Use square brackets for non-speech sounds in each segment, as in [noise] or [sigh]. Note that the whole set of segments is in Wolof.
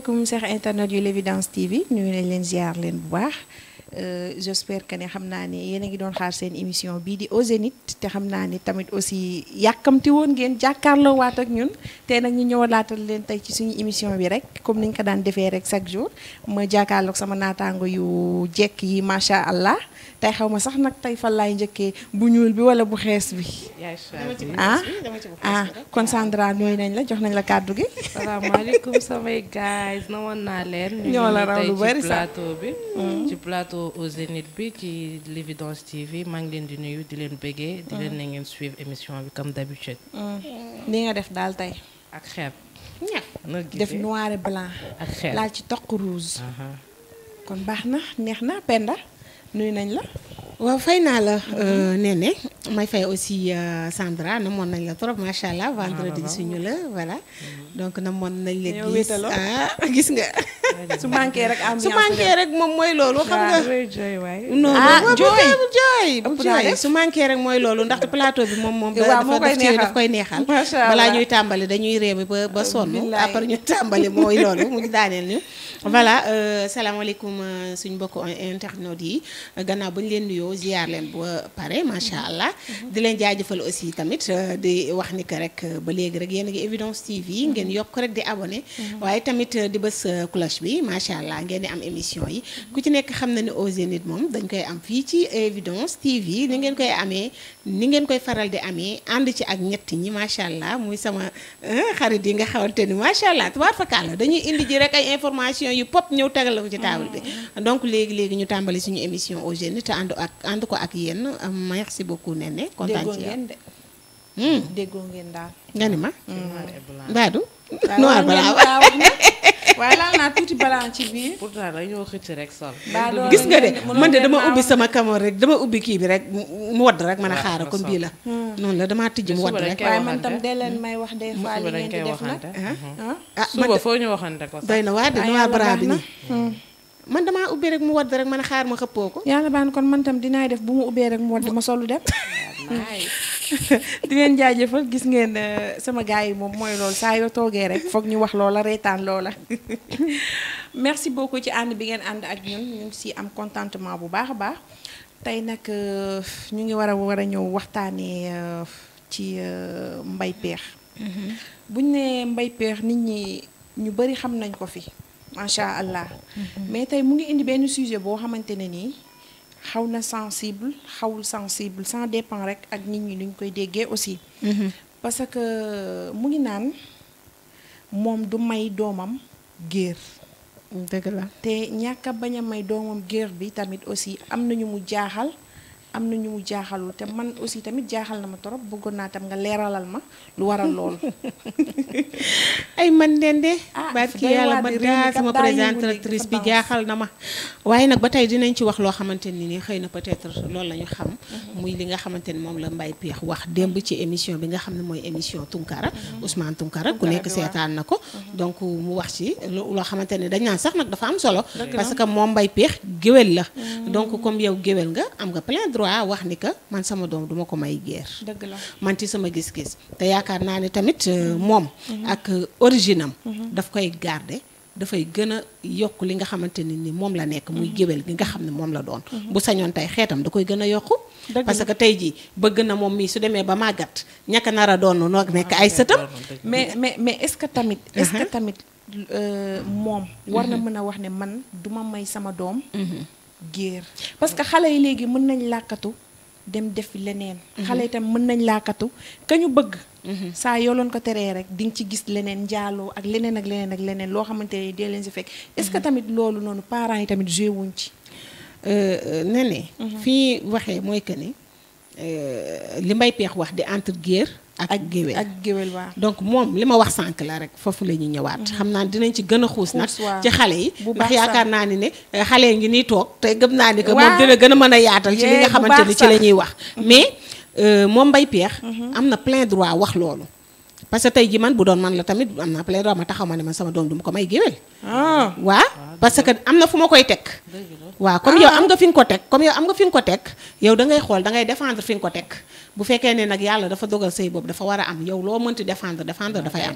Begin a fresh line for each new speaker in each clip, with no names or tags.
asalaamaaleykum sax internet yu l' évidence TV ñu ngi leen ziar leen bu baax. Euh, j'espère que ne xam naa ne yéen a ngi doon xaar seen émission bii di Au Zénith te xam naa ne tamit aussi yàkkamti woon ngeen jàkkaarloo waat ak ñun te nag ñu ñëwalaatal leen tey ci suñu émission bi rek comme ni ñu ko daan defee rek chaque jour ma sama naataango yu jekk yi macha allah tey xaw ma sax nag tey fan laay njëkkee bu ñuul bi wala bu xees bi.
ah ah
kon Sandra nooy nañ la jox nañ la kàddu gi.
salaamaaleykum samay guys nawoon naa leen. ñoo la raw lu bari sax bi mm. au au Zénith bi ci l'Évidence TV maa ngi leen di nuyu di leen bëggee. di leen ne ngeen suivre émission bi comme d'habitude.
Mm. li nga def daal tey.
ak xeeb. def noir et blanc. ak xeeb ci
toq rouge. kon baax na neex na Penda
nuyu nañ la. waaw fay naa la euh, Néné may fay aussi euh, Sandra namoon nañ la trop macha allah vendredi ah, suñu la voilà donc namoon nañ la gis ah [laughs] gis nga. [laughs] su manqué rek ambiance su moom mooy loolu. xam nga non ah, jooy jooy jooy su manqué rek mooy loolu ndax plateau bi moom moom. dafa daf koy neexal balaa ñuy tàmbali dañuy réew ba ba sonn après ñu tàmbali mooy loolu mu daaneel ñu. voilà euh, salaamaaleykum euh, suñ mbokk internautes yi gannaaw bañ ñu leen nuyoo ziar leen ba pare macha allah. Mhm. di leen jaajëfal aussi tamit euh, di wax ni que rek ba léegi rek yéen a ngi Evidence TV mhm. ngeen yokk rek di abone mhm. waaye tamit di bës cloche bi macha allah ngeen di am émission yi. ku ci nekk xam na ne Au nit moom dañ koy am fii ci Evidence TV ni ngeen koy amee ni ngeen koy faral di amee ànd ci ak ñetti ñi macha allah muy sama xarit yi nga xamante ni macha allah tubaar dañuy indi information émission yu pop ñëw tegal la ko ci table bi mm-hmm. donc léegi léegi ñu tàmbali suñu émission aux jeunes te ànd ak ànd ko ak yéen euh, merci beaucoup Néné kontaan ci yow hmm. déggoo ngeen nga ni ma mbaadu mm-hmm. noir balaa
waaye laal naa tuuti balaa ci biir. pourtant dañoo xëcc
gis nga de man de
dama ubbi sama kamoon rek dama ubbi kii bi rek mu wadd rek mën a ah, xaaral ko bii la. Hmm. noonu la damaa tijji mu wadd rek. waaye man tam de leen may wax des fois li ngeen di def nag. ah, ah. Hmm.
ah suba foo ñu waxante ko sax. doy na waa de noir bi nii.
Hmm. man damaa ubbi rek mu wadd rek mën a xaar ma xëppoo ko. yàlla
baan kon man tam dinaay def bu mu ubbee rek mu wadd ma solu dem. [laughs]
[laughs]
di ngeen jaajëfal gis ngeen euh, sama gars yi moom mooy lool saa yoo toogee rek foog ñu wax loola reetaan loola [laughs] merci beaucoup ci ànd bi ngeen ànd ak ñun ñu ngi si am contentement bu baax a baax tey nag euh, ñu ngi war a war a ñëw waxtaanee euh, ci mbay peex mm-hmm. buñ ne mbay peex nit ñi ñu bëri xam nañ ko fi macha allah mm-hmm. mais tey mu ngi indi benn sujet boo xamante ne nii xaw na sensible xawul sensible sans dépend rek ak nit ñi ñu koy déggee aussi. Mhm. parce que euh, mu ngi naan moom du may doomam géer. dëgg la te ñàkk bañ a may doomam géer bi tamit aussi am nañu mu jaaxal. am na ñu mu jaaxalul te man aussi tamit jaaxal na ma trop bëggoon naa tam nga leeralal
ma lu waral loolu. [laughs] ay man Ndendé. ah barki yàlla man daa sama présentatrice bi jaaxal na ma. waaye nag ba tey dinañ ci wax loo xamante ni nii xëy na peut-être loolu la ñu xam. Mhm. muy li nga xamante ni moom la mbay Pekh wax démb ci émission bi nga xam ne mooy émission Tunkara. Mhm. Ousmane Tunkara ku nekk seetaan na ko. Mhm. donc mu wax ci loo xamante ne dañ naan sax nag dafa am solo. parce que moom Mbaye Pekh géwél la. donc comme yow géwél nga am droit wax ni que man sama doom duma ko may guerre. dëgg la man ci sama gis-gis. te yaakaar naa ne tamit euh, moom. Mhm. ak euh, origine am. Mhm. daf koy garder. dafay gën a yokk li nga xamante ne ni moom la nekk muy mhm. géwél gi nga xam ne moom la doon bu sañoon tey xeetam da koy gën a yokku parce que tey jii bëgg na moom mii su demee ba màggat ñàkk nar a doon noo ah, nekk ay sëtam mais mais mais est-ce que tamit est-ce uh-huh.
euh, moom war na mën a wax ne man duma may sama doom géer parce que xale yi léegi mën nañ làkkatu dem def leneen. Mhm. xale itam mën nañ làkkatu ka ñu bëgg. Mhm. saa yoo loon ko teree rek di nga ci gis leneen njaaloo ak leneen ak leneen ak leneen loo xamante
ne dee leen si fekk. est-ce que mhm. tamit loolu noonu parents yi tamit joué wuñ ci. nee ne fi waxee mooy que ni euh, li mbay peex wax di entre guerre ak géwél ak géwél waaw donc moom li ma wax sànq la rek foofu la ñuy ñëwaat mm-hmm. xam naa dinañ ci gën a xuus nag ci xale yi ndax yaakaar naa ni ne eh, xale ngi nii toog te gën naa ni ko moom dina gën a mën a yaatal ci li nga xamante ni ci la ñuy wax mm-hmm. mais euh, moom mbay peex mm-hmm. am na plein droit wax loolu parce que tey ji man bu doon man la tamit am naa plaidora ma taxaw ma ne man sama doom duma ko may géwél ah. waa parce que am na fu ma koy teg waa comme yow am nga fi nga ko teg comme yow am nga fi nga ko teg yow da ngay xool da ngay défendre fi nga ko teg bu fekkee ne nag yàlla dafa dogal sëy boobu dafa war a am yow loo mënti défendre défendre dafay am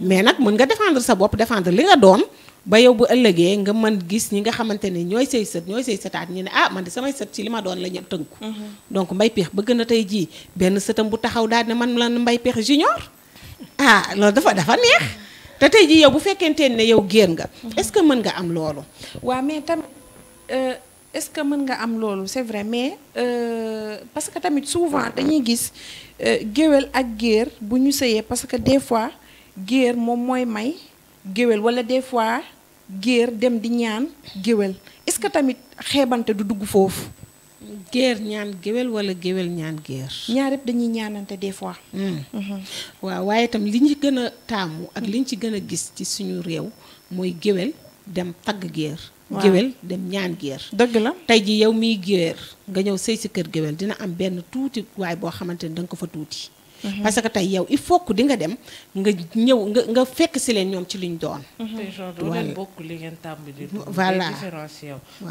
mais nag mën nga défendre sa bopp défendre li nga doon ba yow bu ëllëgee nga mën gis ñi nga xamante ne ñooy say sët ñooy say sëtaat ñu ne ah man de samay sët ci li ma doon la ñu tënku mhm. donc Mbaye Pekh bëgg na tey jii benn sëtam bu taxaw daal ne man la Mbaye Pekh junior ah loolu dafa dafa neex te tey jii yow bu fekkente ne yow géer nga mhm. est-ce que mën nga am loolu waaw mais tam euh, est-ce que
mën nga am loolu c'est vrai mais euh, parce que tamit souvent dañuy gis euh, géwél ak géer bu ñu sëyee parce que des fois géer moom mooy may géwél walla des fois géer dem di ñaan géwél est-ce que tamit xeebante du
dugg foofu géer ñaan géwél wala géwél ñaan géer
ñaar dañuy ñaanante des
fois mm. mhm. waaw waaye tam li ñu gën a taamu ak li ñu ci gën a gis ci suñu réew mooy géwél dem tagg géer géwél dem ñaan géer dëgg la tey ji yow miy géer nga ñëw sëy si kër géwél dina am benn tuuti waay boo xamante ni da ko fa tuuti mhm. parce que tey yow il faut que di nga dem nga ñëw nga nga fekk si leen ñoom ci liñ doon
mhm. te genre doo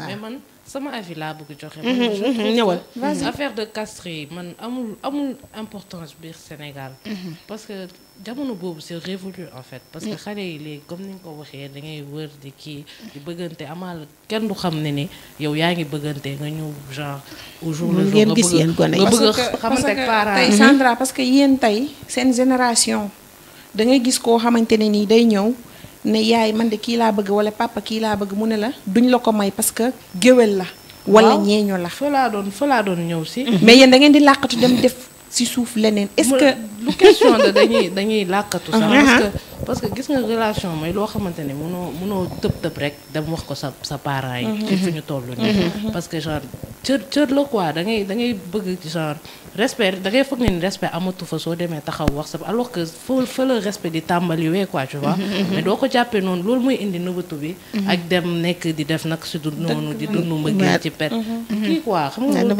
leen sama avis laa bëgg joxe. Mhm, mhm, ñëwal affaire de Castries yi man amul amul importance biir Sénégal. Mhm. parce que jamono boobu c'est révolu en fait. parce que xale yi léegi comme ni nga ko waxee da ngay wër di kii di bëggante amaal kenn du xam ne ni yow yaa ngi bëggante nga ñëw genre. au jour le jour nga bëgg a xamante ak parents parce que tey parce
que yéen tey seen génération da ngay gis koo xamante ne nii day ñëw. ne yaay man de kii laa bëgg wala papa kii laa bëgg mu ne la duñ la ko may parce que géwél la. wala ñeeñu la. fa laa doon fa laa doon ñëw si. mais yéen da ngeen di làqatu dem def si suuf leneen est-ce que.
du question de dañuy [laughs] dañuy làkkatu sax uh-huh. parce que gis nga relation mooy loo xamante ne mënoo mënoo tëb tëb rek dem wax ko sa sa parents yi ci uh-huh. fi ñu toll nii uh-huh. parce que genre cër cër la quoi da ngay da ngay bëgg genre respect da ngay foog ne ni respect amatu fa soo demee taxaw wax sa alors que fa fa la respect di tàmbali wee quoi mais doo ko jàppee noonu loolu mooy indi nëbatu bi ak dem nekk di def nag si du noonu di dund mbëggeel ci pet kii quoi xam nga [laughs]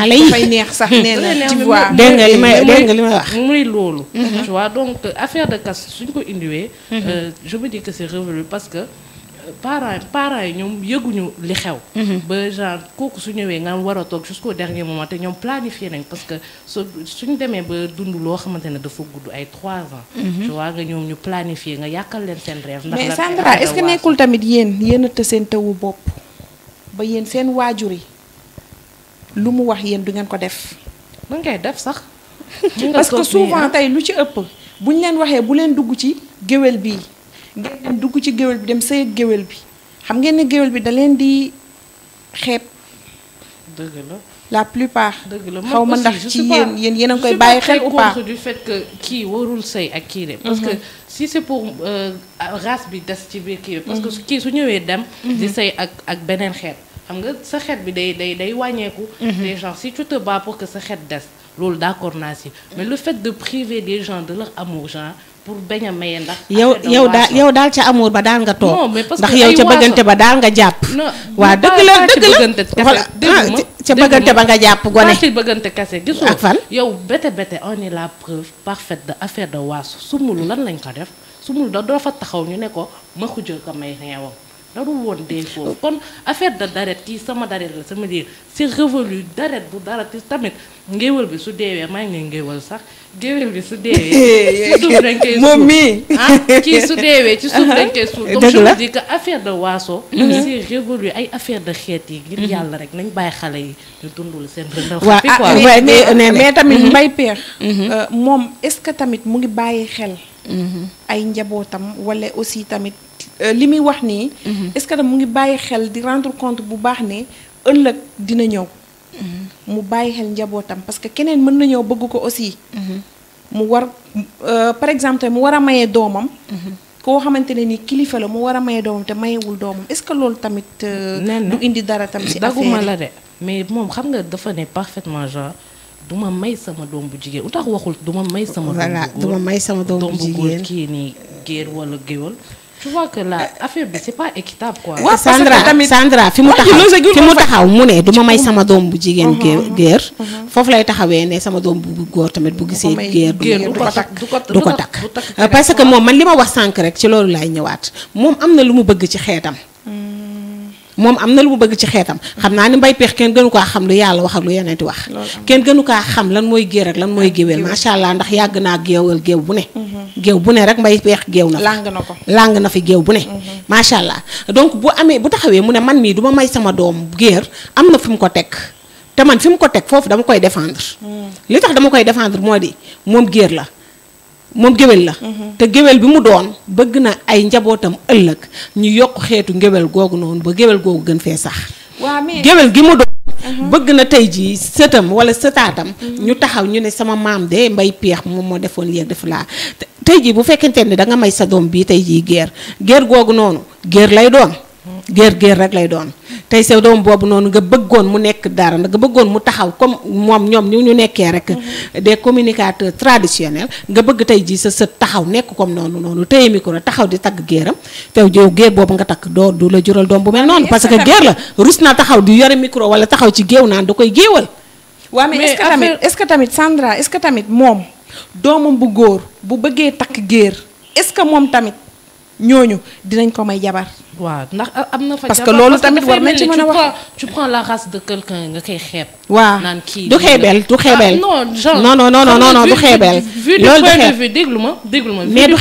dafay neex sax [laughs] vois dégg nga li may dégg nga li may wax. muy loolu. Mm-hmm. tu vois donc euh, affaire de caste suñ ko indiwee. Mm-hmm. Euh, je me dis que parce que. Euh, parents parents yi ñoom yëguñu li xew. Mm-hmm. ba genre kooku su ñëwee nga war a toog jusqu'au moom moment te ñoom planifié nañ parce que suñ demee ba dund loo xamante ne dafa gudd ay trois ans. tu nga ñoom ñu planifier nga yàqal leen seen rêve. ndax mais Sandra est-ce que nekkul
tamit yéen yéen a të seen tawu bopp ba yéen seen waajur yi lu mu wax yéen du ngeen ko def. mën ngay def sax. [laughs] parce que souvent ah. tey lu ci ëpp bu ñu leen waxee bu leen dugg ci géwél bi dem dugg ci géwél bi dem sëy ak géwél bi xam ngeen ne géwél bi da leen
di xeet dëgg la la plupart. dëgg la xaw ma ndax ci yéen yéen yéen a ngi koy bàyyi xel ou pas du kii warul sëy ak kii de. parce que mhm. si c'est pour euh, race bi des ci biir kii parce que mhm. kii su ñëwee dem. Mhm. di sëy ak ak beneen xeet. xam nga sa xeet bi day day day wàññeeku. des mhm. gens si tu te bats pour que sa xeet des loolu d'accord naa si mais lu fait de priver des gens de leur amour genre pour bañ a maye ndax. yow yow daal
yow daal ca amour ba daal nga toog. ndax yow ca bëggante ba daal nga jàpp.
waa dëgg la dëgg la voilà ah, ca bëggante ba nga jàpp gone. bëggante kase gisoo ak fan. yow bete bete en est la preuve parfaite de affaire de waasu sumulu lan lañ ko def sumulu da doo fa taxaw ñu ne ko ma xuj ko may réewam. darul woon dee foofu kon affaire de daret kii sama daret la sama diir c'est révolu daret bu dara ti tamit ngéwél bi su deewee maa ngi ne ngéwél sax géwél bi su deewee [laughs] ci suuf dañ koy suuf moom mii ah kii su deewee ci suuf dañ koy suuf [laughs] donc je me dis que affaire de waaso mm-hmm. c'est révolu ay affaire de xeet yi ngir mm-hmm. yàlla rek nañ bàyyi xale yi ñu dundul seen rëndaw waaw ah, mais mais tamit mbay peex
mm-hmm. euh, moom est-ce que tamit mu ngi bàyyi xel Mm-hmm. ay njabootam wala aussi tamit euh, li muy wax nii. Mm-hmm. est-ce que mu ngi bàyyi xel di rendre compte bu baax ne ëllëg dina ñëw. Mm-hmm. mu bàyyi xel njabootam parce que keneen mën na ñëw bëgg ko aussi. mu war euh, par exemple mu war a maye doomam. koo xamante ne ni kilifa la mu war a maye doomam te mayewul doomam est-ce que loolu tamit. Euh,
du indi dara tam si affaire daguma la de
mais moom xam nga dafa ne parfaitement genre. du ma may sama doom bu jigéen lu tax waxul du ma may sama. voilà du ma may sama doom bu jigéen doom bu nii géer wala géwal. tu vois euh, affaire bi c'est pas équitable quoi. waaw Sandra tamit Sandra
fi mu taxaw fi mu taxaw mu ne duma may sama doom bu jigéen. Uh-huh, géer uh-huh. foofu lay taxawee ne sama doom bu góor tamit bu gisee. géer du ko takk du ko takk. Euh, parce que moom man li ma wax sànq rek ci loolu laay ñëwaat moom am na lu mu bëgg ci xeetam. moom am na lu mu bëgg ci xeetam xam naa ni mbay peex kenn gënu kaa xam lu yàlla wax ak lu yeneen di wax kenn gënu kaa xam lan mooy géer ak lan mooy ah, géwél macha allah ndax yàgg naa géewal géew bu ne mhm. géew bu ne rek mbay peex géew na ko làng na fi géew bu ne mhm. macha allah donc bu amee bu taxawee mu ne man mii du ma may sama doom géer am na fi mu ko teg te man fi mu ko teg foofu dama koy défendre mhm. li tax dama koy défendre moo di moom géer la moom géwél la mhm. te géwél bi mu doon bëgg na ay njabootam ëllëg ñu yokk xeetu ngéwél googu noonu ba géwél googu gën fee sax
waaw géwél gi mu doon
mhm. bëgg na tey jii sëtam wala sëtaatam mhm. ñu taxaw ñu ne sama maam de mbay peex moom moo defoon lii def laa tey jii bu fekkente ne da nga may sa doom bii tey jii géer géer googu noonu géer lay doon géer géer rek lay doon tey sew doom boobu noonu nga bëggoon mu nekk dara nga bëggoon mu taxaw comme moom ñoom ni ñu nekkee rek mm-hmm. des communicateur traditionnels nga bëgg tey ji sa sët taxaw nekk comme noonu noonu téye micro taxaw di tagg géeram te yow géer boobu nga takk doo du la jural doom bu mel noonu parce que géer la rus naa taxaw di yore micro wala taxaw ci géew naan da koy géewal waa mais est-ce que tamit
est-ce que tamit que tamit moom doomam bu góor bu bëggee takk géer est-ce que moom tamit ñooñu dinañ ko may jabar. waaw
ndax am na fa. parce que loolu tamit war nañ ci a wax tu prends la race de quelqu'un nga koy xeeb. waaw du xeebel du ah, xeebel. non genre non non non non ah, du xeebel. loolu du ma mais du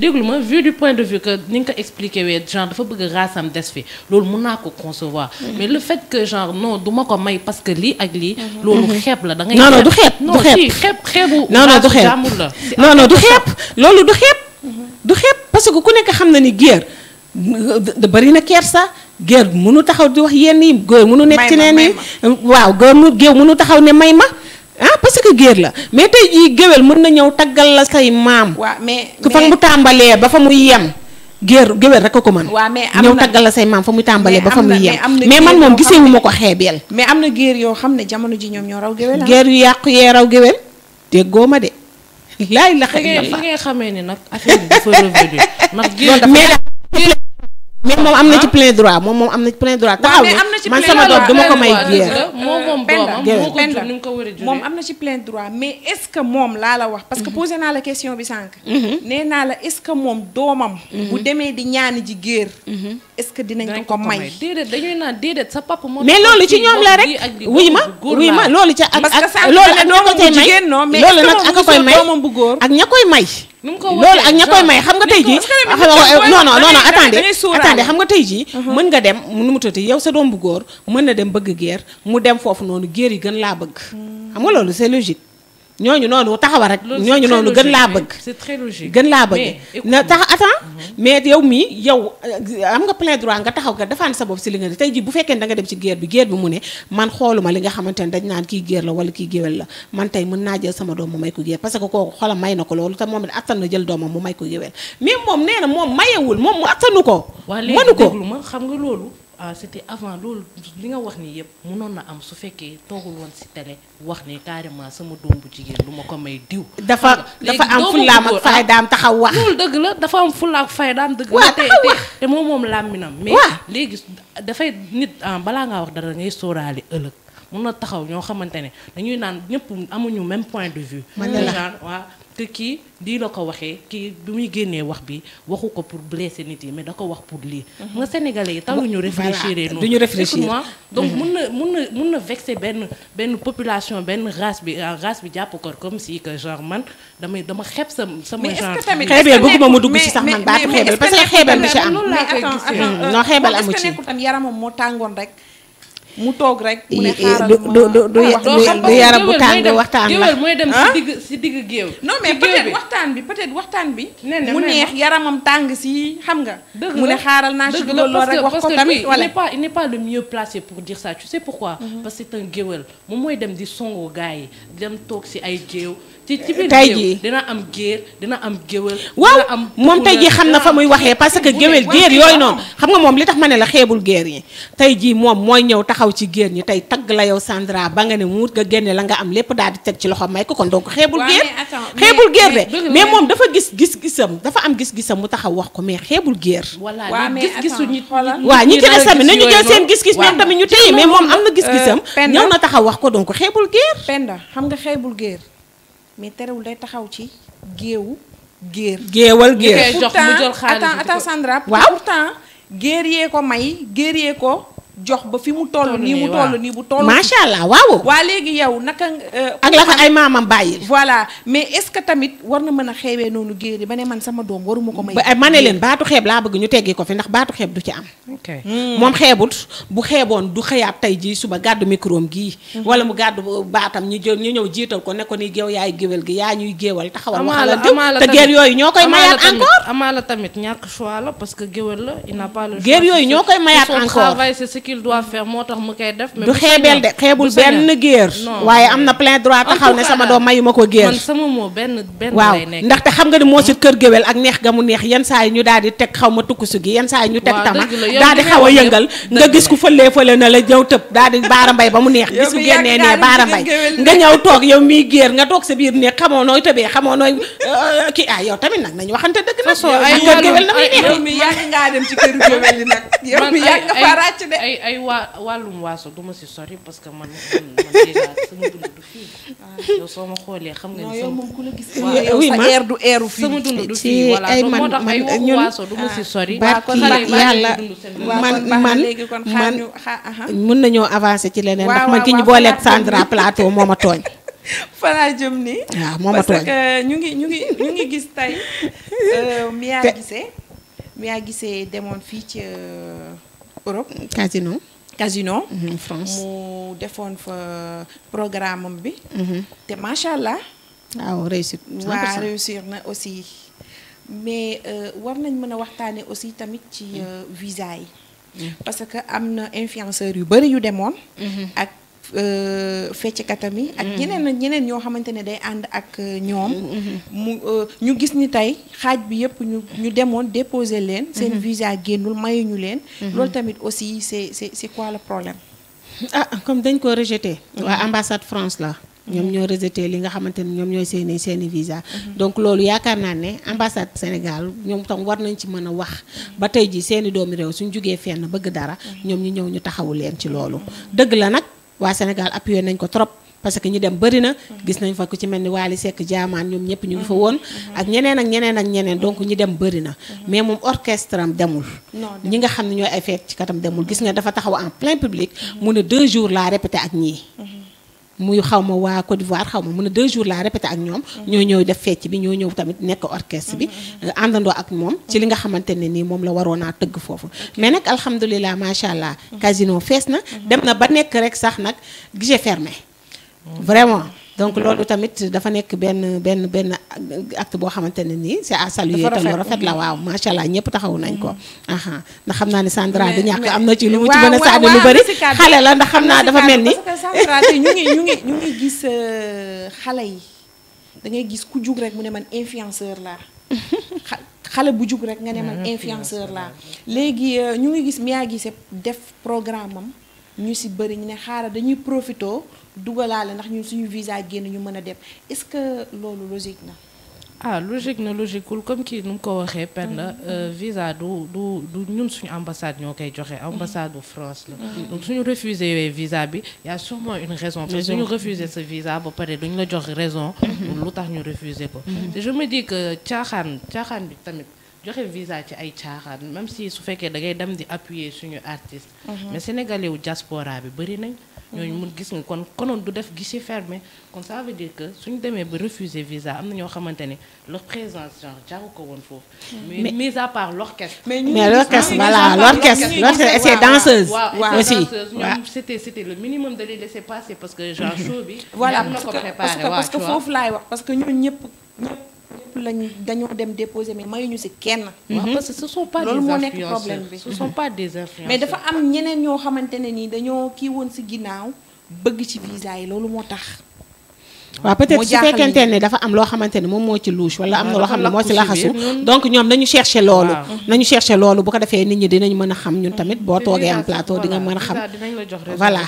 déglu ma vu point de vue que ni nga ko expliqué wee genre dafa bëgg race loolu mun naa ko concevoir. Mm-hmm. mais le fait que genre non ko may parce que lii ak lii. Mm-hmm. loolu mm-hmm. xeeb la da ngay. non non du xeeb du xeeb non non du xeeb. loolu du xeeb.
du xeeb parce que ku nekk xam na ni guerre da bëri na kersa guerre mënu taxaw di wax yenn yi góor mënu nekk ci neen yi waaw góor mu géew mënu taxaw ne may ma ah parce que géer la mais tey jii géwél mën na ñëw taggal la say maam.
waaw mais
ku fa mu tàmbalee ba fa mu yem. géer géwél rek a ko man
waaw mais am na ñëw taggal
la say maam fa mu tàmbalee ba fa muy yem. mais man moom gisee wu ma ko xeebeel.
mais am na géer yoo xam ne jamono ji ñoom ñoo raw géwél. Ah. géer yu
yàqu yee raw géwél déggoo ma de. laay la xëy na li
ngay xamee ne nag affaire bi
dafa revenu [laughs] ndax.
mais moom am na ci ah.
plein droit moom moom am na ci plein droit. mais am moom moo a jur.
moom am na
ci plein droit mais est-ce que laa la wax. parce que mm-hmm. posé naa la question bi sànq. Mm-hmm. nee naa la est-ce que moom doomam. bu mm-hmm. demee di ñaani ji géer. ce que dinañ ko ko may.
déedéet dañuy naan déedéet sa papa moo. mais loolu ci ñoom la rek wuy ma wuy ma loolu ca. ak ak loolu ak ña koy may loolu nag ak a koy may
ak ña koy may. nu mu ko loolu ak ña koy may xam nga tey jii non non non non attendez attendez xam nga tey jii mhm. mën nga dem nu mu tuddati yow sa doom bu góor mën na dem bëgg géer mu dem foofu noonu géer yi gën laa bëgg mm. xam nga loolu c'est logique ñooñu noonu taxawal rek. ñooñu noonu gën laa bëgg.
c'est très logique gën laa bëgg. na tax
attends mhm. mais yow mii yow euh, am nga plein droit nga taxaw nga defaan sa bopp si li nga ne tey jii bu fekkee ne da nga dem ci géer bi géer bi mu ne man xooluma li nga xamante ne dañ naan kii géer la wala kii géwél la man tey mën naa jël sama doom mu may ko géer parce que kooku xolam may na ko loolu te moom it attan na jël doomam mu may ko géwél
mais moom nee na moom mayewul moom mu attanu ko. mënu ko waaw léegi déglu ma xam nga loolu ah c'était avant loolu li nga wax nii yëpp mënoon na am su fekkee toogul woon si télé wax ne carrément sama doom bu jigéen lu ma ko may diw. dafa dafa am fullaam ak faydaam ah, taxaw wax. loolu dëgg la dafa am fullaam ak daam dëgg la te te moom moom làmminam mais léegi dafay nit ah, balaa ngaa wax dara ngay sóoraale ëllëg. mun na taxaw ñoo xamante ne dañuy naan ñëpp amuñu même point de vue. man la waaw. te kii lii la ko waxee kii bi muy génnee wax bi waxu ko pour blesser nit yi mais da ko wax pour lii. Mhm. nga sénégalais yi taluñu réfléchir noonu. duñu réfléchir donc mhm. mun na mun na mun na vexer benn benn bi euh, bi jàpp ko comme si que genre man damay dama xeeb sa sama mu dugg ci sax man baatu xeebeel parce que xeebeel bi ci am. mais attends attends
ci. yaramam moo tàngoon rek. mu toog rek. mu ne eh, eh, xaaral du du ah, yaram bu tàng waxtaan la mooy dem si si digg géew. non mais peut-être waxtaan bi peut-être waxtaan bi. mu tàng si xam nga. mu ne xaaral naa si loolu rek wax ko tamit wala. il n'est
pas il n'est pas le mieux placé pour mm-hmm. que géwél moom mooy dem di songo gars yi dem toog si ay géew. ci biir tey jii dina am géer dina am géwél. waaw moom tey jii xam na fa muy waxee
parce que géwél géer yooyu noonu. xam nga moom li tax ma ne la xeebul géer yi tey jii moom mooy ñëw tax taxaw ci géer ñi tey tagg la yow Sandra ba nga ne muut wut nga génne la nga am lépp daal di teg ci loxo may ko kon donc xeebul géer xeebul géer de mais moom dafa gis gis gisam dafa am gis gisam mu taxaw wax ko mais xeebul géer
waaw gis gisu nit waaw ñi ci des tamit gis gis ñoom tamit ñu téye mais moom am na gis gisam euh, ñëw na
taxaw wax ko donc xeebul géer
penda xam nga xeebul géer mais terewul day taxaw ci géewu géer géewal géer pourtant attends attends Sandra waaw pourtant géer yee ko may géer yee ko jox ba fi mu toll nii mu toll nii bu toll macha allah waaw waa léegi yow naka euh, ak la fa ay
maamam bàyyi
voilà mais est ce que tamit war na mën a xeewee noonu génne ba ne man sama doom waruma
ko may ma ne leen baatu xeeb laa bëgg ñu teggi ko fi ndax baatu xeeb du ci am hmm. moom xeebut bu xeeboon du xëyaat tey jii suba gàddu microom gii hmm. wala mu gàddu baatam ñu jël ñu ñëw jiital ko ne ni géew yaay géwél gi yaa ñuy géewal taxawal waxal jëm te géer yooyu ñoo koy mayaat encore
amaala tamit ñàkk choix la parce que géwél la il n'a yooyu ñoo koy mayaat encore qu'il doit faire moo tax mu koy def. du xeebeel de xeebul benn géer. waaye am
na plein droit taxaw ne sama doom mayu ma ko géer. man
sama moo benn benn lay nekk waaw ndaxte
xam nga ni moo si hmm? kër géwél ak neex ga mu neex yenn saa yi ñu daal di teg xaw ma tukkusu gi yenn saa yi ñu teg tama daal di xaw a yëngal nga gis ku fëlee fële na la ñëw tëb daal di baara mbay ba mu neex gis ku génnee nee baara mbay nga ñëw [laughs] toog yow miy géer nga toog sa biir neex xamoo nooy tëbee xamoo nooy euh, kii ah yow tamit nag nañu waxante dëgg na na muy neex yow mi yàgg ngaa dem ci kër géwél yi nag
yow mi yàgg ay ay waa wàllum waaso du ma si sori parce que man man ah. ma xoolee xam nga ni sama ku la gis waaw sa air du airu fii sama dund du fii voilà ay man man ma si sori barki yàlla man man man
mën nañoo avancer ci leneen ndax man ki ñu booleeg Sandra Plateau moo ma tooñ
[laughs] a jëm nii waaw moo ma tooñ parce que ñu ngi ñu ngi ñu ngi gis tey [laughs] euh, Mia Guissé demoon fii ci euh, Europe. Casino. Casino. Mhm, France mu defoon fa programme am bi. Mhm. te macha allah. waaw réussir. waa réussir na aussi. mais euh, war nañ mën a waxtaanee aussi tamit ci mhm. euh, visa yi. parce que am na influenceurs yu bëri yu demoon. ak Euh, fecckatam yi ak mm. ñeneen ñeneen ñoo xamante ne day ànd ak euh, ñoom mm, mm, mu euh, ñu gis ni tey xaaj bi yëpp ñu ñu demoon déposer leen mm-hmm. seen visa génnul mayuñu leen mm-hmm. loolu tamit aussi c'est c'est c'est quoi le problème
ah comme dañ ko rejeté mm-hmm. waa ambassade France la ñoom ñoo rejeté li nga xamante ne ñoom ñooy seeni seeni visa donc loolu yaakaar naa ne ambassade Sénégal ñoom tam war nañ ci mën a wax ba tey ji seeni doomi réew suñ jugee fenn bëgg dara ñoom ñu ñëw ñu taxawu leen ci loolu dëgg la nag waa Sénégal appuyé nañ ko trop parce que ñu dem bëri na gis nañ fa ku ci mel ni Waly Seck jaamaan ñoom ñëpp ñu ngi fa woon ak ñeneen ak ñeneen ak ñeneen donc ñu dem bëri na mais moom orchestre am demul ñi nga xam ne ñooy ay feet ci katam demul gis nga dafa taxaw en plein public mu ne deux jours laa répété ak ñii muy xaw ma waa Côte d'Ivoire xaw ma mun a deux jours laa répété ak ñoom ñoo ñëw def fecc bi ñoo ñëw tamit nekk orchestre bi euh, àndandoo ak moom ci li nga xamante ne nii moom la waroonaa tëgg foofu mais nag alhamdulilah macha allah casino fees na dem na ba nekk rek sax nag guichet fermé vraiment donc loolu tamit dafa nekk benn benn benn acte boo xamante ne nii c'est à saluer rafet la waaw macha allah ñëpp taxawu nañ ko. Mm. ndax xam naa ne Sandra du ñàkk am na ci lu mu ci a lu bari xale la xam naa dafa mel ni. parce que Sandra ngi ñu ngi ñu
gis euh, xale yi da gis ku jug rek mu ne man influenceur laa. bu jug rek nga ne man [laughs] influenceur laa. léegi euh, ñu ngi gis Mia Guissé def programme am ñu si bëri ñu ne xaaral dañuy profito. dugalaale ndax ñun suñu visa génn ñu mën a dem est-ce que loolu logique na.
ah logique na logiqueul comme kii nu mu ko waxee pen penn mm-hmm. euh, visa du du du ñun suñu ambassade ñoo koy joxee mm-hmm. ambassade bu France la mm-hmm. suñu refusé yooyu visa bi y a sûrement une raison mais suñu refusé ce visa ba pare duñ la jox raison lu tax ñu refusé ko te je me dis que caaxaan caaxaan bi tamit joxe visa ci ay caaxaan même si su fekkee da ngay dem di appuyer suñu artiste mhm. mais sénégalais wu bi bëri nañ mhm. ñooñu mun gis nga kon konoon du def guichet fermé kon ça veut dire que suñu demee ba refuser visa am na ñoo xamante ne leur présence genre jaru ko woon foofu. Mhm. mais que genre [laughs] show bi. voilà parce wax
parce que ñun lañu dañoo dem déposer mais mayuñu ci kenn. waaw mhm. parce que ce sont pas des loolu moo nekk problème bi. ce sont mhm.
pas des influenceurs mais dafa
am ñeneen ñoo xamante ne nii dañoo kii woon ci ginnaaw bëgg ci visa yi loolu moo tax.
waaw peut-être su fekkente dafa am loo xamante ne moom moo ci louche wala am na loo xam ne moo ci laxasu donc ñoom nañu chercher loolu nañu chercher loolu bu ko defee nit ñi dinañ mën a xam ñun tamit boo toogee am plateau di nga mën a xam voilà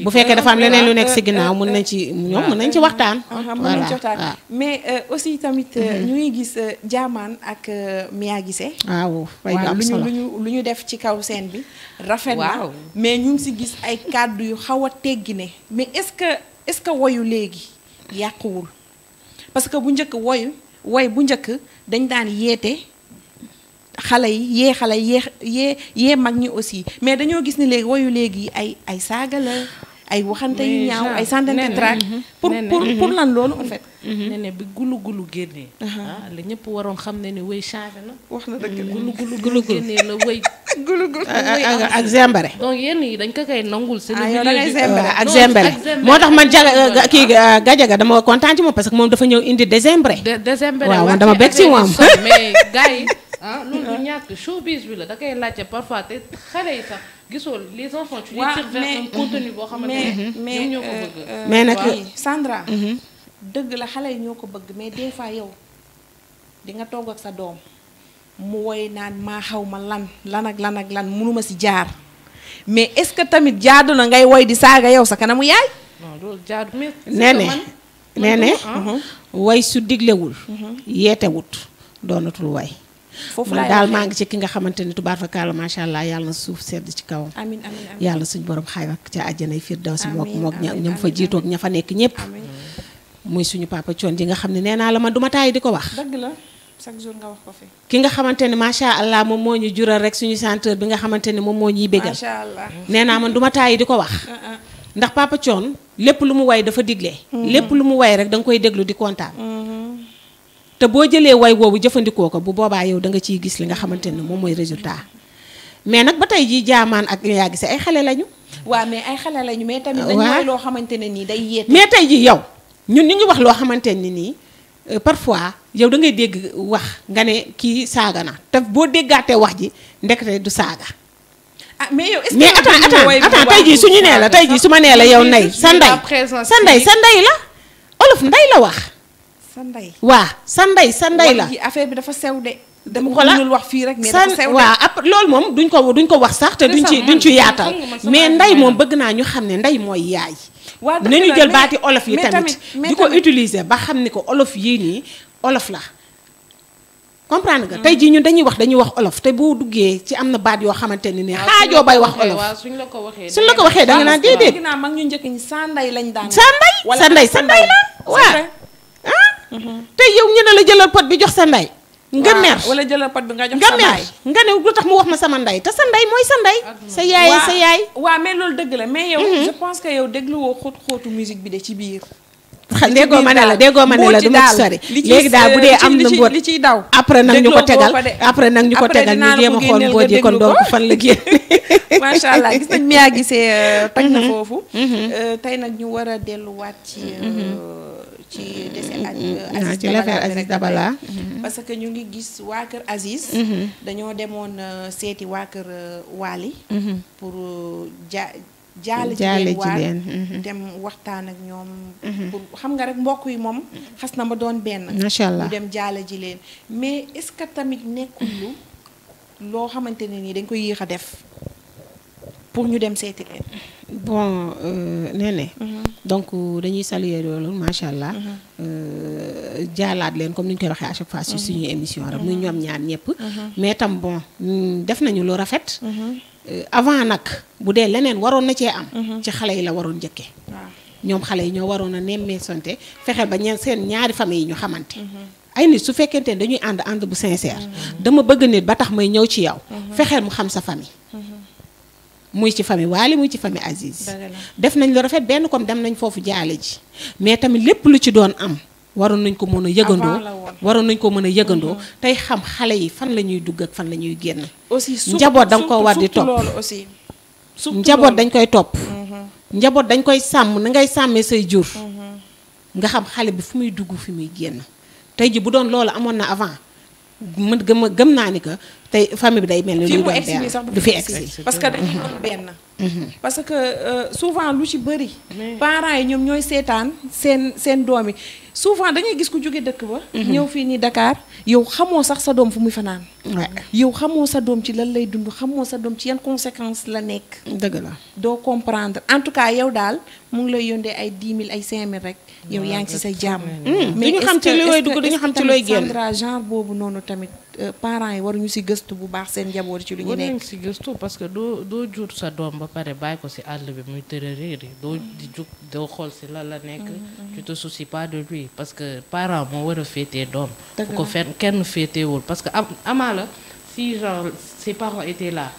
bu fekkee dafa am leneen lu nekk si nañ ci ñoom mën nañ ci waxtaan
ah, voilà euh, aussi tamit euh, mhm. ñu ngi gis jaamaan euh, ak Mia Guissé
ah, waaw luñu luñu
lu ñu def ci kaw seen bi rafet na mais ñu ngi si gis ay kàddu yu xaw a teggi ne mais est-ce que est-ce que woyu léegi yàquwul parce que bu njëkk woyu woy bu njëkk dañ daan yeete xale yi yee xale yee yee mag ñi aussi mais dañoo gis ni léegi woyu léegi ay ay saaga la ay waxante yu ñaaw ay sànnante traque pour pour pour lan loolu en
mm-hmm. bi gulu gulu génnee. Uh-huh. Ah, la ñëpp waroon xam ne ni wéy changé na. wax na dëgg gulu gulu gulu génnee la wéy. gulu gulu ak zembare. donc yenn yi dañ ko koy nangul. seen ah, ak zembare moo tax man jaga
kii ah, gajaga dama kontaan ci moom parce que moom dafa ñëw indi désembre.
de désembre waaw man dama bëgg ci moom mais gars yi [laughs] loolu du ñàkk showbiz bi la da koy laajte parfois te xale yi sax. gisoo les enfants tu les tires vers un contenu boo xamante ne ñoo ko euh,
bëgg euh, mais nag Sandra mhm. dëgg la xale yi ñoo ko bëgg mais des fois yow di nga toog ak sa doom mu woy naan maa xaw ma lan lan ak lan ak lan mënuma si jaar mais est-ce que
tamit jaadu na ngay woy di saaga yow sa kanamu yaay
non loolu jaadu mais nee ne nee ne ah. mhm.
woy su diglewul mhm. yeetewut doonatul woy foofu laay daal maa ngi ci ki nga xamante ni tubaar fa kaala macha allah yàlla na suuf sedd ci kawam. amiin amiin amiin yàlla suñu borom xay ak ca àjjanay firdawsi mook mook fa jiitoog ña fa nekk ñëpp. muy suñu papa coon nga xam ne nee naa la man du ma taay di ko wax.
dëgg la chaque jour nga wax ko fi.
ki nga xamante ne macha allah moom moo ñu jural rek suñu chanteur bi nga xamante ne moom moo ñuy bégal. macha allah nee naa man du ma taay di ko wax. Uh, uh. ndax papa coon lépp lu mu way dafa digle. Mm-hmm. lépp lu mu way rek da nga koy déglu di kontaan. Mm-hmm. te boo jëlee woy woowu jëfandikoo ko bu boobaa yow da nga ciy gis li nga xamante ne moom mooy résultat mais nag ba tey jii jaamaan ak yaa gise ay xale lañu. waaw mais ay xale lañu mais tamit. dañu
loo xamante ne nii day yeete.
mais tey jii yow ñun ñu ngi wax loo xamante ne nii euh, parfois yow da ngay dégg wax nga ne kii saaga na te boo déggaatee wax ji ndekete du saaga.
ah mais yow est-ce que mais attends attends tey jii su ñu nee la tey jii su ma nee la yow ndey sa ndey sa ndey sa ndey la
olof ndey la wax. sa ndey waa sa ndey sa ndey la
affaire bi dafa sew dama ko mënul
wax fii rek mais dafa waa ap loolu moom duñ ko duñ ko wax sax te duñ ci duñ ci yaatal mais ndey moom bëgg naa ñu xam ne ndey mooy yaay. waaw nañu jël baati olof yi tamit di ko utiliser ba xam ni ko olof yii nii olof la. comprendre nga mm. tey jii ñun dañuy wax dañuy wax olof te boo duggee ci am na baat yoo xamante ne ne xaajoo bay wax olof
suñ la ko waxee
suñ la ko waxee da nga naan déedéet.
mag ñu njëkk ñi sa ndey lañ daan. sa ndey sa ndey sa ndey la waaw
ah? tey yow ñu ne la jëlal pot bi jox sa ndey. nga mer wala jëlal pot bi nga jox sa nga mer nga ne lu tax mu wax ma sama ndey te sa ndey mooy sa ndey. sa yaay sa yaay. waaw mais loolu dëgg la mais yow. Mhm. je
pense que yow dégluwoo xóot xóotu musique bi de ci biir.
déggoo ma ne ma ne la du ma ci sori léegi daal bu euh, dee am na mboot li
ciy daw après nag ñu ko tegal après nag ñu ko tegal ñu jéem a xool mboot yi kon donc fan la [laughs] génn macha allah gis nañ Mia Guissé euh, tag na mhm. foofu mhm. Euh, tey nag ñu war a delluwaat ci ci décès mm-hmm. Aziz mm-hmm. Dabala Aziz Dabala mm-hmm. parce que ñu ngi gis waa kër Aziz dañoo demoon euh, seeti waa kër euh, Waly pour euh, ja jaale ci leen dem waxtaan ak ñoom pour xam nga rek mbokk yi moom xas na ma doon benn macha allah dem jaale ji leen mais est-ce que tamit nekkul lu loo xamante ne nii dañ ko yéex a def pour ñu dem seeti leen.
bon euh, Néné. Mhm. donc euh, dañuy saluer loolu macha allah. Mhm. Euh, jaalaat leen comme ni ñu koy waxee à chaque fois ci mhm. suñu émission rek muy ñoom ñaar ñëpp. mais tam bon mm, def nañu lu rafet. avant nag bu dee leneen waroon na cee am. ci xale yi la waroon njëkkee. ñoom xale yi ñoo waroon a nemmee sonte fexe ba ñeen seen ñaari famille yi ñu xamante. ay nit su fekkente ne dañuy ànd ànd bu sincère. dama bëgg nit ba tax may ñëw ci yow. fexeel mu xam sa famille. muy ci famille Waly muy ci famille Aziz. def nañ lu rafet benn comme dem nañ foofu jaale ji mais tamit lépp lu ci doon am. waroon nañ ko mën a yëgandoo waroon nañ ko mën a yëgandoo mhm. tey xam xale yi fan la ñuy dugg ak fan la ñuy génn.
aussi njaboot da nga ko war di topp aussi.
njaboot dañ koy topp. Mhm. njaboot dañ koy sàmm na ngay sàmmee say jur. Mhm. nga xam xale bi fu muy dugg fi muy génn. tey ji bu doon loolu amoon na avant mën gëm gëm naa ni que tey famille bi day mel ni. du fi egsi parce que dañ dañuy am benn. Mhm. parce
que euh, souvent lu ci bëri. parents yi ñoom ñooy seetaan seen seen doomi souvent dañuy gis ku jóge dëkk ba. Mhm. ñëw fii nii dakaar yow xamoo sax sa doom fu muy fanaan. yow xamoo sa doom ci lan lay dund xamoo sa doom ci yan conséquences la nekk. dëgg la doo comprendre en tout cas yow daal mu ngi lay yóndee ay 10 ay 5 000 rek. yow yaa ngi ci say jàmm.
Mm. Mm. mais duñu xam ci looy dugg duñu xam ci looy génn
genre boobu noonu tamit euh, parents yi waruñu ci gëstu bu baax seen njaboot ci lu ñu nekk. waruñu
ci gëstu parce que doo doo jur sa doom ba pare bàyyi ko si àll bi muy tërëriir doo di jug doo xool si lan la nekk. Mm-hmm. tu te soucies pas de lui. bi parce que parent moo war a féetee doom bu ko fenn kenn féetewul parce que ama amaa la si genre ses parents étaient là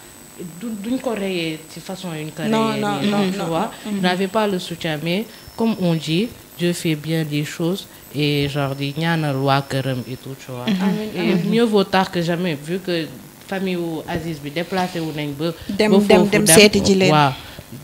duñ ko reyee ci façon yuñ ko reyee nii tu vois mm-hmm. Mm-hmm. n'avait pas le soutien mais comme on dit Dieu fait bien des choses et genre di ñaanal waa këram et tout tu mm-hmm. et mieux vaut tard que jamais vu que famille wu bi déplacé wu nañ ba dem dem dem seeti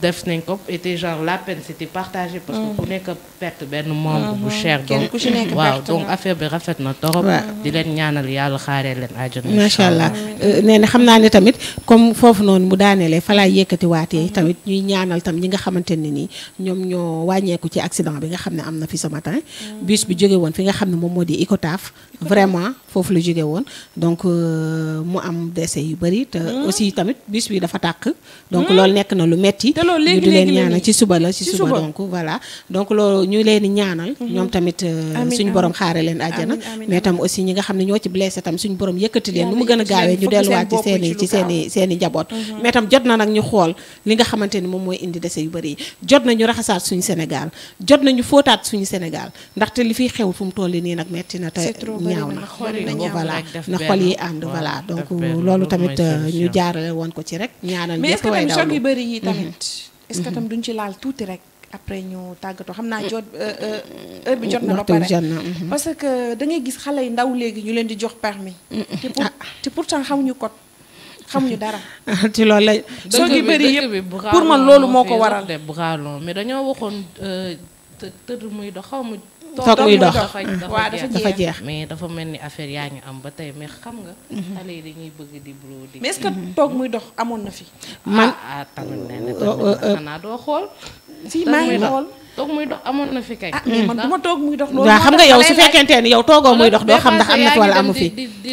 def nañ ko était genre la peine c'était partagé parce mm. nekk perte benn moom bu mm-hmm. cher donc waaw donc affaire bi rafet na torop di leen ñaanal yàlla xaaree leen àjjana macha allah
euh, nee na xam naa ne tamit comme foofu noonu mu daaneele falaa yëkkati waatee mm-hmm. tamit ñuy ñaanal tam ñi nga xamante ne nii ñoom ñoo wàññeeku ci accident bi nga xam ne am na fi ce matin mm-hmm. bus bi jóge woon fi nga xam ne moom moo di Icotaf vraiment foofu la jóge woon donc euh, mu am décès yu bëri te aussi tamit bus bi dafa tàkk donc loolu nekk na lu metti te loolu léegi léegi ñu ñaanal ci suba la ci suba donc voilà donc loolu ñu leen ñaanal mhm. ñoom tamit euh, suñu borom xaare leen àjjana mais tam aussi ñi nga xam ne ñoo ci blessé tam suñu borom yëkkati leen nu mu gën a gaawee ñu delluwaat ci seeni ci seeni seeni njaboot mhm. mais tam jot na nag ñu xool li xamante ni moom mooy indi dese yu bëri jot nañu raxasaat suñu Sénégal jot nañu fóotaat suñu Sénégal ndaxte li fiy xew fu mu toll nii nag metti na te ñaaw na voilà na xol yi ànd voilà donc loolu tamit euh, ñu jaarale woon ko ci rek ñaanal mais est-ce que bëri yi mhm. tamit
est-ce que mhm. tam duñ ci laal tuuti rek après ñu tàggatoo xam naa mm. jot euh, euh, heure bi jot na ba pare
mhm. parce
que da ngay gis xale yu ndaw léegi ñu leen di jox permis mm. te pour ah. te pourtant xamuñu code ñu dara.
[laughs] ci loolu lay. soo gi bëri yëpp pour man loolu moo ko waral. mais dañoo waxoon euh, tëdd muy dox xaw ma foog muy dox waaw dafa jeex mais dafa mel ni affaire yaa ngi am ba tey mais xam nga. Mhm. xale yi dañuy bëgg di brodi. mais est-ce toog muy dox amoon na fi. man ah, ah tamit nee oh, oh, oh. doo xool. si maa ngi xool toog muy dox amoon na fi kay. ah mais ah. du ma toog muy dox. loolu waaw xam nga yow su fekkente
ni yow toogoo muy dox doo xam ndax am na wala amu fi.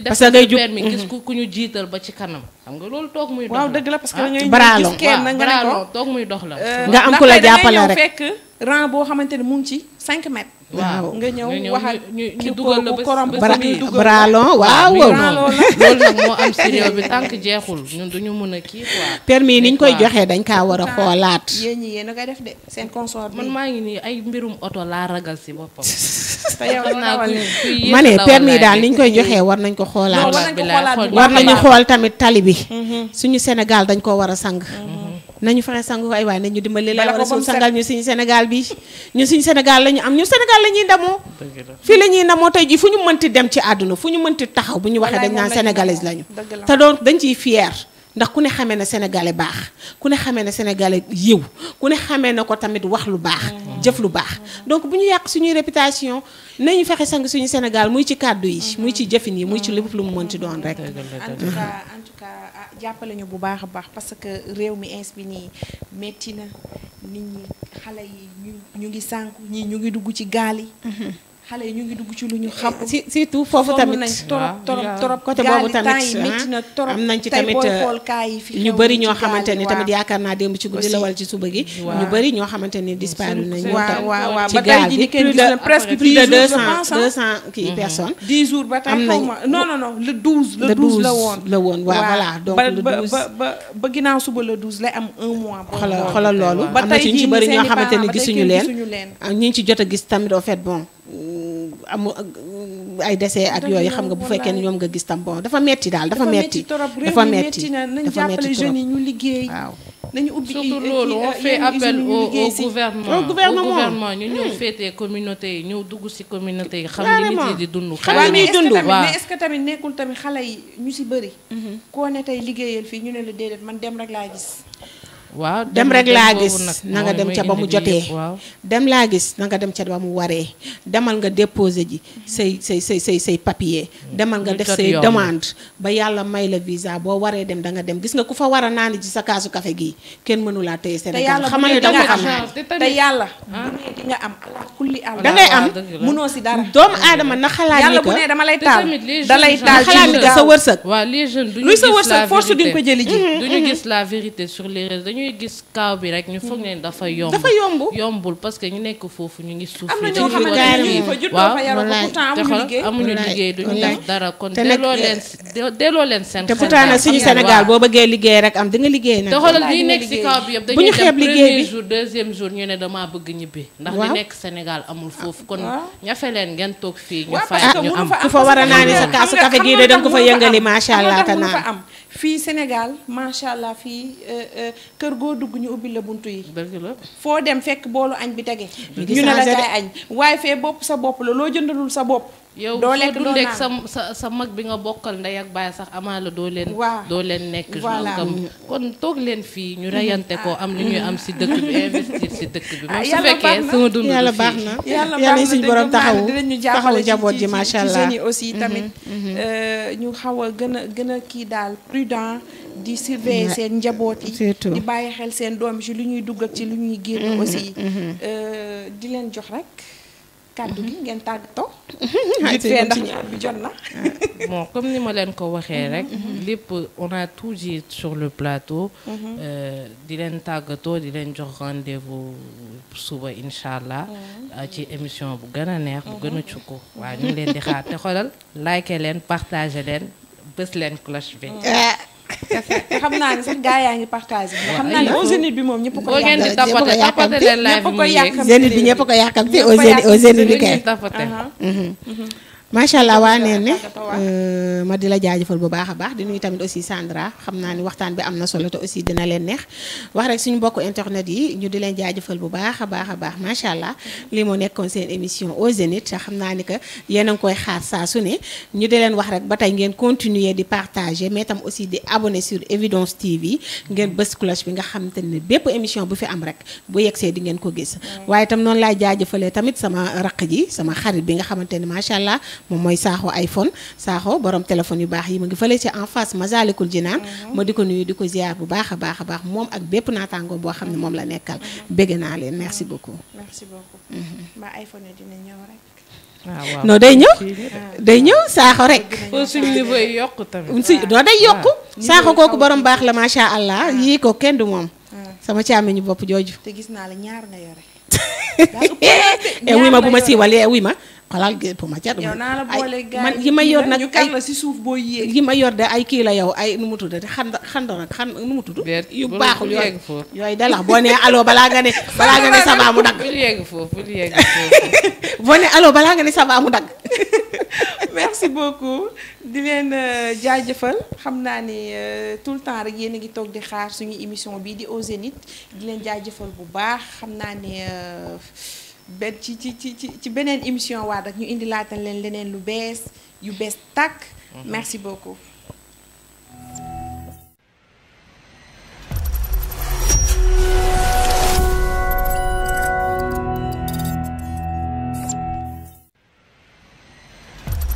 parce que ngay jub mi gis mhm.
ku ñu jiital ba ci kanam. xam nga loolu toog muy waaw dëgg la parce que ah. dañuy gis kenn nga ne ko toog muy dox
la. Euh, nga am ku la jàppale rek fekk boo xamante ne mu ngi ci 5 mètres
waaw nga ñëw waxal ñu ñu dugal la ba si bralon waaw [laughs] loolu nag moo am si bi tànk jeexul ñun duñu mën a kii quoi.
permis ni koy joxee dañ kaa war a xoolaat.
yéen ñi a def de seen consort man maa ngi nii ay mbirum oto laa ragal si boppam. [laughs] ma ne permis daal ni ñu koy joxee war nañ ko xoolaat. war nañu xool
tamit tali bi. Mm-hmm. suñu Sénégal dañ ko war a sang. Mm-hmm. nañu fexe sangu ay waaye nañu dimbali la wala suñu sangal ñu suñu Sénégal bi ñu suñu Sénégal la ñu am ñu Sénégal la ñuy ndamoo fii la ñuy ndamoo tey ji fu ñu mënti dem ci àdduna fu ñu mënti taxaw bu ñu waxee dañ naan sénégalais lañu te doon dañ ciy fier ndax ku ne xamee na sénégalais baax ku ne xamee na sénégalais yiw ku ne xamee na ko tamit wax lu baax jëf lu baax donc bu ñu yàq suñuy réputation nañu fexe sang suñu Sénégal muy ci kàddu yi muy ci jëfin yi muy ci lépp lu mu mën ci doon rek en tout cas
en tout cas ah, jàppale ñu bu baax a baax parce que réew mi ins bi nii métti na nit ñi xale yi ñu ngi sànku ñii ñu ngi dugg ci gaal yi mhm. xale yi ñu ngi dugg ci lu ñu xam.
surtout foofu tamit nañ torop torop torop côté boobu tamit ah, am nañ ci tamit euh, ñu bëri ñoo xamante ni tamit yaakaar naa démb ci guddi la wala ci suba gi. ñu bëri ñoo xamante ni disparu nañ. waaw waaw waaw ba tey jii kenn gis na presque plus de deux cent deux cent kii mhm. personnes. dix
jours ba tey xaw ma non non non la woon la
woon waaw voilà donc ba ba
ba suba le douze lay am mois. xoolal xoolal loolu.
am na ci ñu ci bëri ñoo xamante ni gisuñu leen. Ah, ñu ngi ci jot a gis tamit au fait bon Euh, amul euh, ay décès ak yooyu xam nga bu fekkee ne ñoom nga gis tam bon dafa metti daal dafa metti dafa metti dafa metti trop ñu liggéey waaw nañu ubbi surtout loolu on
fait appel au gouvernement au gouvernement ñu ñëw féetee communauté yi ñëw dugg ci communauté yi xam ni nit yi di dund xale yi dund waaw
tamit nekkul tamit xale yi ñu ci bëri mhm. koo ne tey liggéeyal fii ñu ne la déedéet man dem rek laa gis
waaw dem rek laa gis na nga dem ca ba mu jotee
dem laa gis na nga dem ca ba mu waree demal nga déposer ji say say say say say papier demal nga def say demande ba yàlla may la visa boo waree dem da nga dem gis nga ku fa war a naani ci sa kaasu kafe gii kenn mënulaa tey Sénégal xamal ne da nga xam te yàlla
ah. bu nee di nga am kulli àll da ngay ah, am
si
doomu aadama na xalaat yàlla bu dama lay taal da lay taal xalaat ni sa wërsëg waaw les jeunes luy sa wërsëg force di nga ko jëli ji ñuy gis kaaw bi rek ñu foog ne dafa yomb dafa yomb yombul parce que ñu nekk foofu ñu ngi suuf am na ñoo xamante ne fa te pourtant suñu Sénégal boo bëggee liggéey rek am di liggéey nag te xoolal nekk si kaaw bi yëpp dañuy dem premier jour deuxième damaa bëgg ñibbi ndax li nekk Sénégal amul foofu kon ñafe leen ngeen toog fii ñu fay ñu am ku fa war a naani sa kaasu café gii de danga ko fa yëngali macha allah
fii Sénégal macha allah fii euh, euh, kër goo dugg ñu ubbi la buntu yi. foo dem fekk boolu añ bi tege. ñu ne la kaay añ waaye fee bopp sa bopp la loo jëndalul sa bopp. yow doo lekk doo naan
sa sa mag bi nga bokkal ndey ak baay sax amaa la doo leen. waaw doo leen nekk. voilà kon toog leen fii ñu reyante ko am li ñuy am si dëkk bi investir si dëkk bi. ah yàlla baax na sama yàlla baax na yàlla baax na suñu borom taxawu
taxawu jaboot ji macha allah ci aussi mhm. tamit. Mhm. Euh, ñu xaw a gën a gën a kii daal prudent. di surveiller seen njaboot yi. surtout di bàyyi xel seen doom ci lu ñuy dugg ak ci lu ñuy
génn. Mhm. aussi
euh, di leen jox rek. kàddu gi mhm. ngeen tàggatoo. vite fait ndax ñaar
bi jot na. Ah, bon comme ni ma leen ko waxee mhm. rek. Mhm. lépp on a tout dit sur le plateau. Euh, di leen tàggatoo di leen jox rendez-vous suba incha allah. Euh, ci émission bu gën neex bu gën a cukku. waaw ñu leen di xaar te xoolal like leen partager leen bës leen cloche bi.
te xam naa ne sax gaa yaa ngi partagé. xam naa ne au zénith bi moom ñëpp ko yàq
ñëpp ko ko yàq ñëpp ko yàq ñëpp ko yàq ñëpp
ko yàq ñëpp
macha allah waa neen ne euh, ma di la jaajëfal bu baax a baax di nuyu tamit aussi Sandra xam naa ni waxtaan bi am na solo te aussi dina leen neex wax rek suñu mbokku internet yi ñu di leen jaajëfal bu baax a baax a baax macha allah lii moo nekkoon seen émission au zénith te xam naa ni que yéen a ngi koy xaar saa su ne ñu di leen wax rek ba tey ngeen continuer di partager mais tam aussi di abonné sur Evidence TV ngeen bës cloche bi nga xamante ne bépp émission bu fi am rek bu yegsee di ngeen ko gis waaye tam noonu laay jaajëfalee tamit sama raq ji sama xarit bi nga xamante ne macha allah moom mooy Sakho iPhone Sakho borom téléphone yu baax yi ma ngi fële si en face Masalikul Jinaan mhm. ma di ko nuyu di ko ziar bu baax a baax a baax moom ak bépp naataango boo xam ne moom la nekkal mhm. bégg naa leen merci beaucoup.
merci beaucoup. Mhm. mbaa iPhone yi ñëw rek.
Ah, waaw non day ah, day ñëw saaxo rek. suñu niveau yi ah. yokku tamit. kooku borom baax la macha allah yii ko kenn du moom. sama càmmiñu bopp jooju.
te gis naa la ñaar nga yore. daa [laughs] eh, ma bu ma siiwalee
wuy ma xalaal gi pour ma cat man yi ma yor nag ay la si suuf booy yéeg yi ma yor de ay kii la yow ay nu mu tudd te xand xando nag xan nu mu tudd yu baaxul yooyu
yooyu dalax boo nee allo balaa nga ne [laughs] balaa nga ne sabaa foofu bul yegg
[laughs] boo nee allo balaa nga ne sabaa mu dagg
[laughs] merci beaucoup di leen euh, jaajëfal xam naa ne euh, tout le temps rek yéen a ngi toog di xaar suñu émission bii di Au Zénith di leen jëfal bu baax xam naa ne benn ci ci ci ci beneen émission waa rek ñu indilaatal leen leneen lu bees yu bees tàkk mhm. merci beaucoup